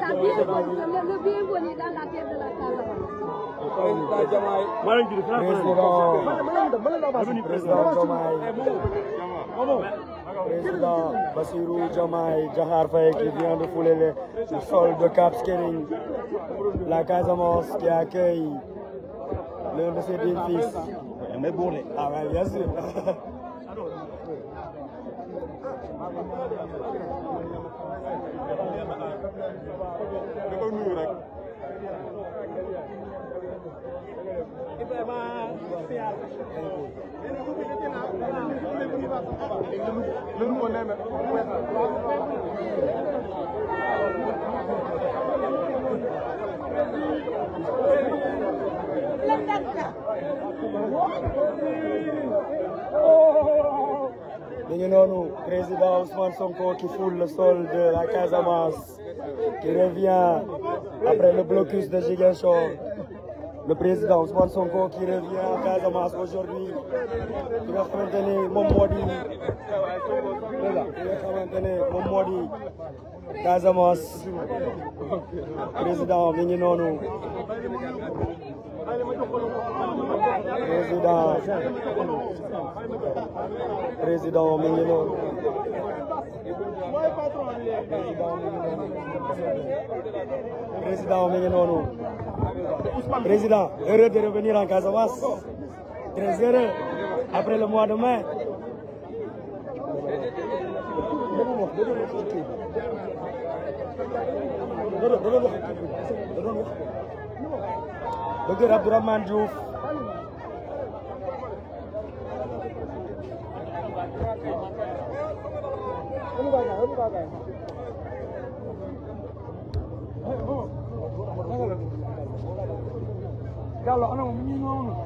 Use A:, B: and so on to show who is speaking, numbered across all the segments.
A: la bienvenue, le bienvenu dans la terre de la Casamance. Président Diomaye.
B: Président Bassirou Diomaye Diakhar Faye qui vient de fouler le sol de Cap Skirring, la Casamance qui accueille l'un de ses fils. Ah ouais, bien sûr. da ko nuyu rek.
A: Le nouveau name
B: ñu ngi noonu président Ousmane Sonko qui foule le sol de la Casamance qui revient après le blocus de Ziguinchor. Le président Ousmane Sonko qui revient à Casamance aujourd'hui ki nga xamante ni moom moo di ki président mi
A: président
B: président mi ngi président heureux de revenir en Casamance très heureux après le mois de mai Kalau anak minum.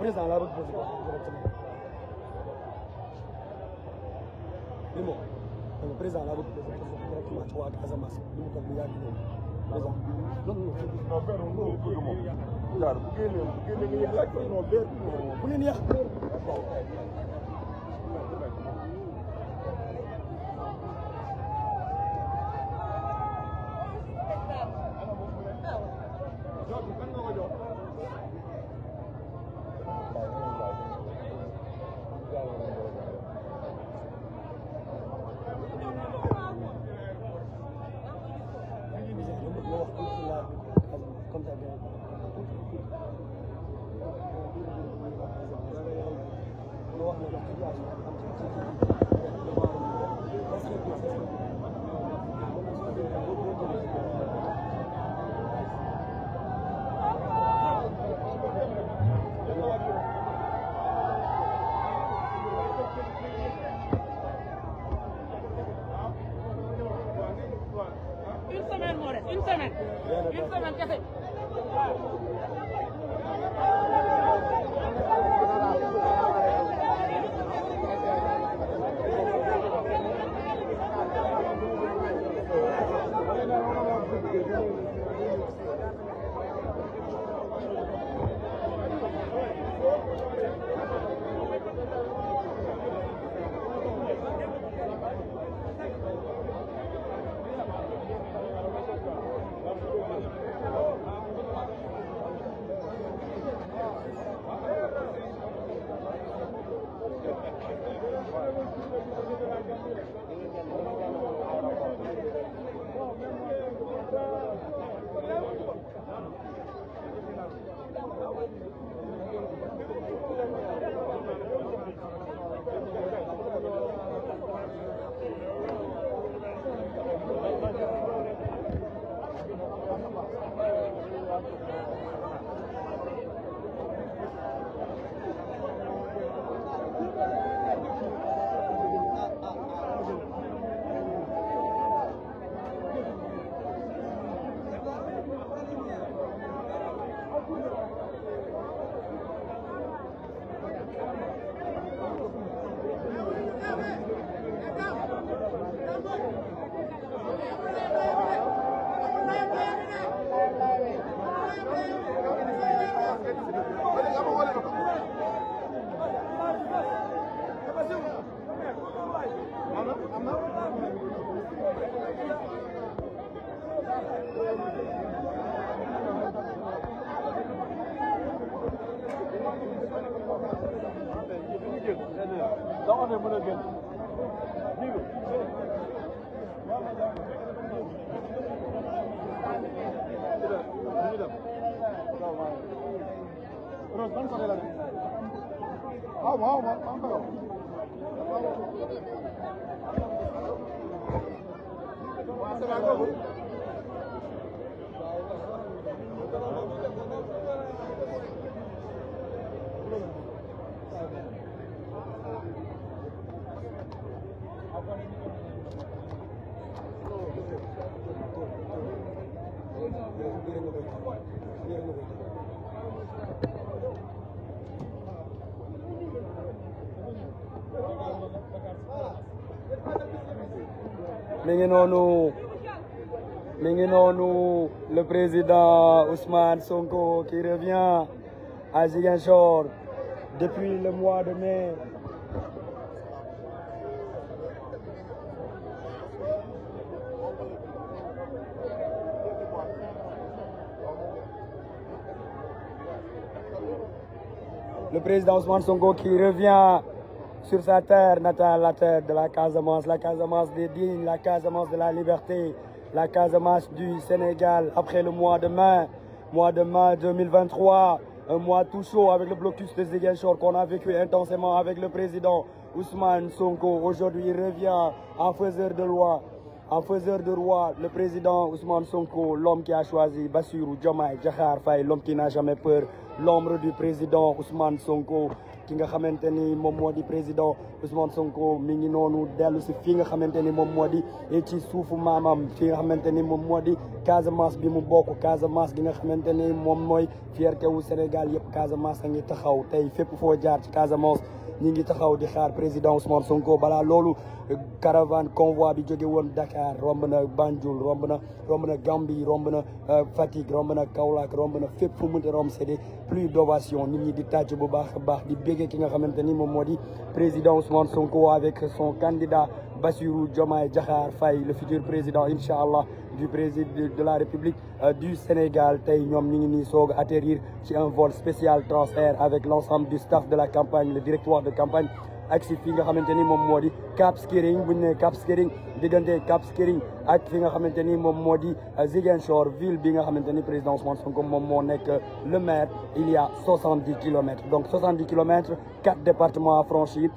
A: président laa bëgg posé ko directement
B: li mu donc président laa bëgg posé ko directement ci waa Casamance li mu toll nii yaa ngi ñëw président loolu la. non verre moom loolu bëgg moom. daal bu génnee bu génnee nga yéex laaj ko non verre bu leen yàq. Thank you. une
A: semaine moo des une semaine une semaine kese Dauer der Mutter Geld. Rose, ben sana ilerledim. Hav, hav, hav, hav, hav. Hav, hav, hav. mi
B: ngi noonu le président Ousmane Sonko qui revient à Ziguinchor depuis le mois de mai. Le président Ousmane Sonko qui revient sur sa terre natale, la terre de la Casamance, la des dignes, la Casamance de la liberté, la Casamance du Sénégal. Après le mois de mai, mois de mai 2023, un mois tout chaud avec le de Ziguinchor qu'on a vécu le président Ousmane Sonko. Aujourd'hui, en faiseur de loi, en faiseur de roi, le président Ousmane Sonko, l'homme qui a choisi Bassirou Diomaye Diakhar Faye, du président Ousmane Sonko. ki nga xamante ni moom moo di président Ousmane Sonko mi ngi noonu dellu si fii nga xamante ni moom moo di eh, ci suufu maamam fii nga xamante ni moom moo di Casamance bi mu bokk Casamance gi nga xamante ni moom mooy te wu Sénégal yëpp Casamance a ngi taxaw tey fépp foo jaar ci Casamance ñi ngi taxaw di xaar président Ousmane Sonko balaa loolu caravan convoi bi jóge woon Dakar romb na Banjul romb na romb na Gambie romb na euh, Fatick romb na Kaolack romb na fépp fu mu romb c'est des plus d'ovation nit ñi di taj bu baax a baax di béggee ki nga xamante ni moom moo di président Ousmane Sonko avec son candidat Bassirou Diomaye Diakhar Faye le futur président incha allah du Brésil de la République euh, du Sénégal tey ñoom ñu ngi nii soog a atterrir ci un vol spécial transfert avec l'ensemble du staff de la campagne le directoire de campagne ak si fii nga xamante ni moom moo di Cap Skirring bu ñu nee Cap Skirring diggante Cap Skirring ak fi nga xamante ni moom moo di euh, Ziguinchor ville bi nga xamante ni président Ousmane moom moo nekk le maire il y a soixante dix kilomètres donc soixante dix kilomètres quatre départements à franchir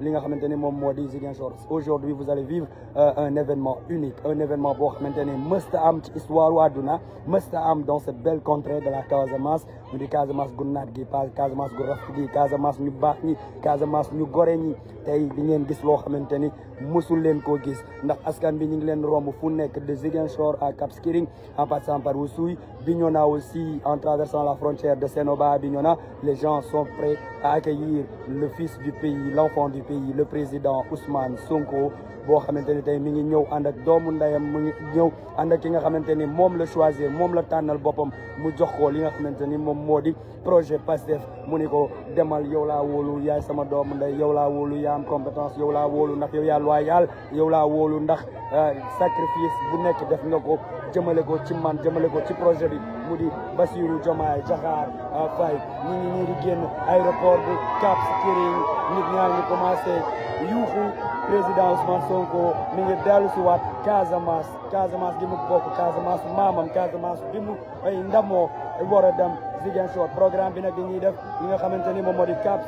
B: li nga xamante ni moom moo di Ziguinchor aujourd'hui vous allez vivre euh, un événement unique un boo xamante ni mësta am ci histoire u àdduna mësta am dans cette belle contrée la Casamance ñu di Casamance gu naat gi pas Casamance gu rafet gi Casamance ñu baax ñi Casamance ñu gore ñi tey ngeen gis loo xamante ni mësul leen koo gis ndax askan bi ñu ngi leen romb fu nekk de Ziguinchor à Cap Skirring en passant par Oussouye Bignona aussi en traversant la frontière de Sénoba à Bignona les gens sont prêts à accueillir le fils du pays l'enfant du pays le président Ousmane Sonko boo xamante ni tey mi ngi ñëw ànd ak doomu ndeyam mu ñëw ànd ak ki nga xamante ni moom la choisir moom la tànnal boppam mu jox ko li nga xamante ni moom moo di projet PASTEF mu ni ko demal yow laa wóolu yaay sama doomu ndey yow laa wóolu yaa am yow laa wóolu ndax waaye yàlla yow laa woolu ndax euh, sacrifice bu nekk def nga ko jëmale ko ci man jëmale ko ci projet bi mu di Bassirou Diomaye Diakhar euh, Faye ñu ngi nii di génn aéroport bu Cap Skirring nit ñaa ngi commencé yuuxu président Ousmane Sonko mi ngi dellu si waat Casamance Casamance gi mu bokk Casamance maamam Casamance bi mu ay ndamoo war a dem Ziguinchor programme bi nag dañuy def li nga xamante ni moom moo di Cap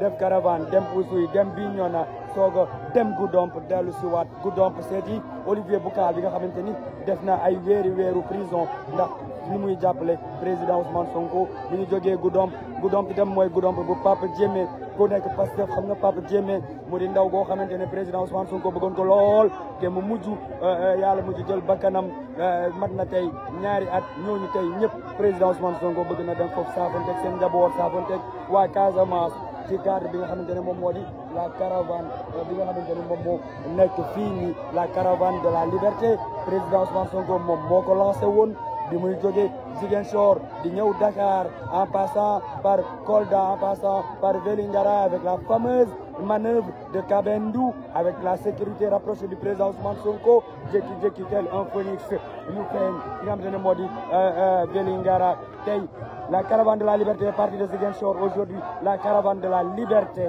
B: def caravane dem Oussouye dem Bignona sooga dem Goudomp dellu si waat Goudomp seet yi Olivier Boucal bi nga xamante ni def na ay weeri weeru prison ndax li muy jàppale président Ousmane Sonko li ñu jógee Goudomp Goudomp itam mooy Goudomp bu Papa Diémé ku nekk Pastef xam nga Papa Diémé mu di ndaw goo xamante ne président Ousmane Sonko bëggoon ko lool te mu mujj euh, euh, yàlla mujj jël bakkanam euh, mat na tey ñaari at ñooñu tey ñëpp président Ousmane Sonko bëgg na dem foofu saafonteeg seen njaboot saafonteeg waa Casamance ci cadre bi nga xamante ne moom moo di la caravane bi nga xamante ne moom moo nekk fii nii la caravane de la liberté président Ousmane Sonko moom moo ko lancé woon bi muy jóge Ziguinchor di ñëw Dakar en passant par Kolda en passant par Vélingara avec la fameuse manœuvre de Kabendou avec la sécurité rapprochée du président Ousmane Sonko jékki-jékki tel un phénix yu feeñ nga xamante ne moo di euh, euh, Vélingara tey la caravane de la liberté est partie de Ziguinchor aujourd'hui la caravane de la liberté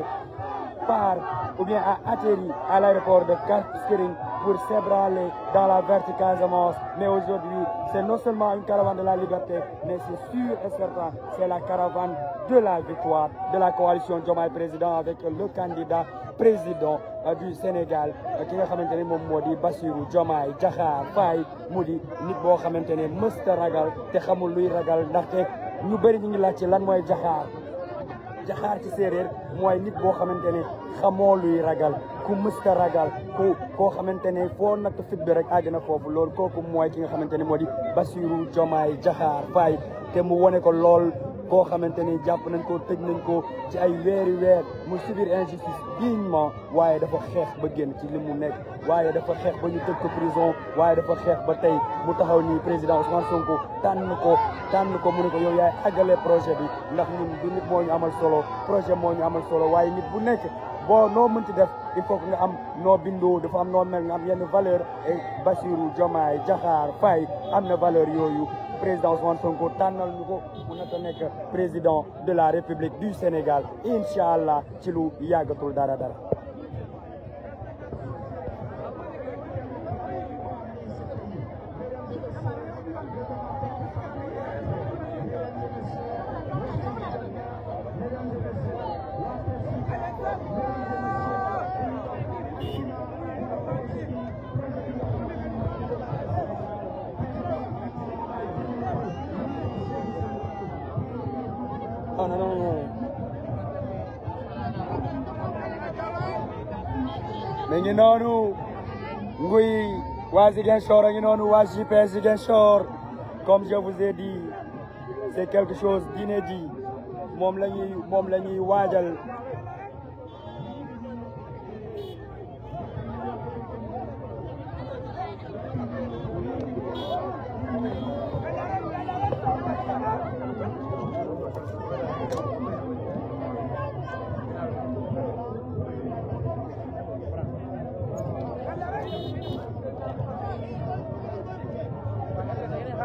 B: part ou bien a atterri à l'aéroport de Kaskering pour s'ébranler dans la verte Casamance. Mais aujourd'hui, c'est non seulement une caravane de la liberté, mais c'est sûr et certain, c'est la caravane de la victoire de la coalition Diomaye Président avec le candidat président euh, du Sénégal euh, ki nga xamante ne moom moo di Bassirou Diomaye Diakhar Faye mu di nit boo xamante ne mësta ragal te xamul luy ragal ndaxte ñu bëri ñu ngi laaj ci lan mooy Diakhar te ci séeréer mooy nit boo xamante ne xamoo luy ragal ku mësta ragal ku koo xamante ne foo natt fit bi rek àddina foofu loolu kooku mooy ki nga xamante ne moo di Bassirou Diomaye Diakhar Faye te mu wone ko lool koo xamante ne jàpp nañ ko tëj nañ ko ci ay weeri weer mu subir injustice dignement waaye dafa xeex ba génn ci li mu nekk waaye dafa xeex ba ñu tëj ko prison waaye dafa xeex ba tey mu taxaw nii président Ousmane Sonko tànn ko tànn ko mu ne ko yow yaay àggale projet bi ndax ñun du nit moo ñu amal solo projet moo ñu amal solo waaye nit bu nekk boo noo mënti def il faut nga am noo bindoo dafa am noo mel nga am yenn valeur et Bassirou Diomaye Diakhar Faye am na valeur yooyu président Ousmane Sonko tànnal ñu ko mu naka nekk président de la République du Sénégal incha allah ci lu yàggatul dara dara. ñu ngi noonu nguy waa Ziguinchor a ngi noonu waa GPS Ziguinchor comme je vous ai dit c'est quelque chose d'inédit moom la ñuy moom la ñuy waajal